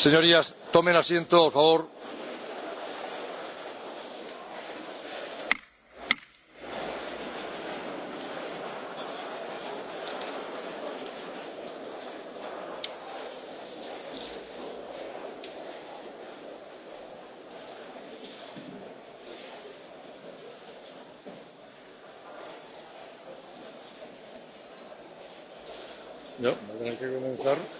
señorías tomen asiento por favor. No, no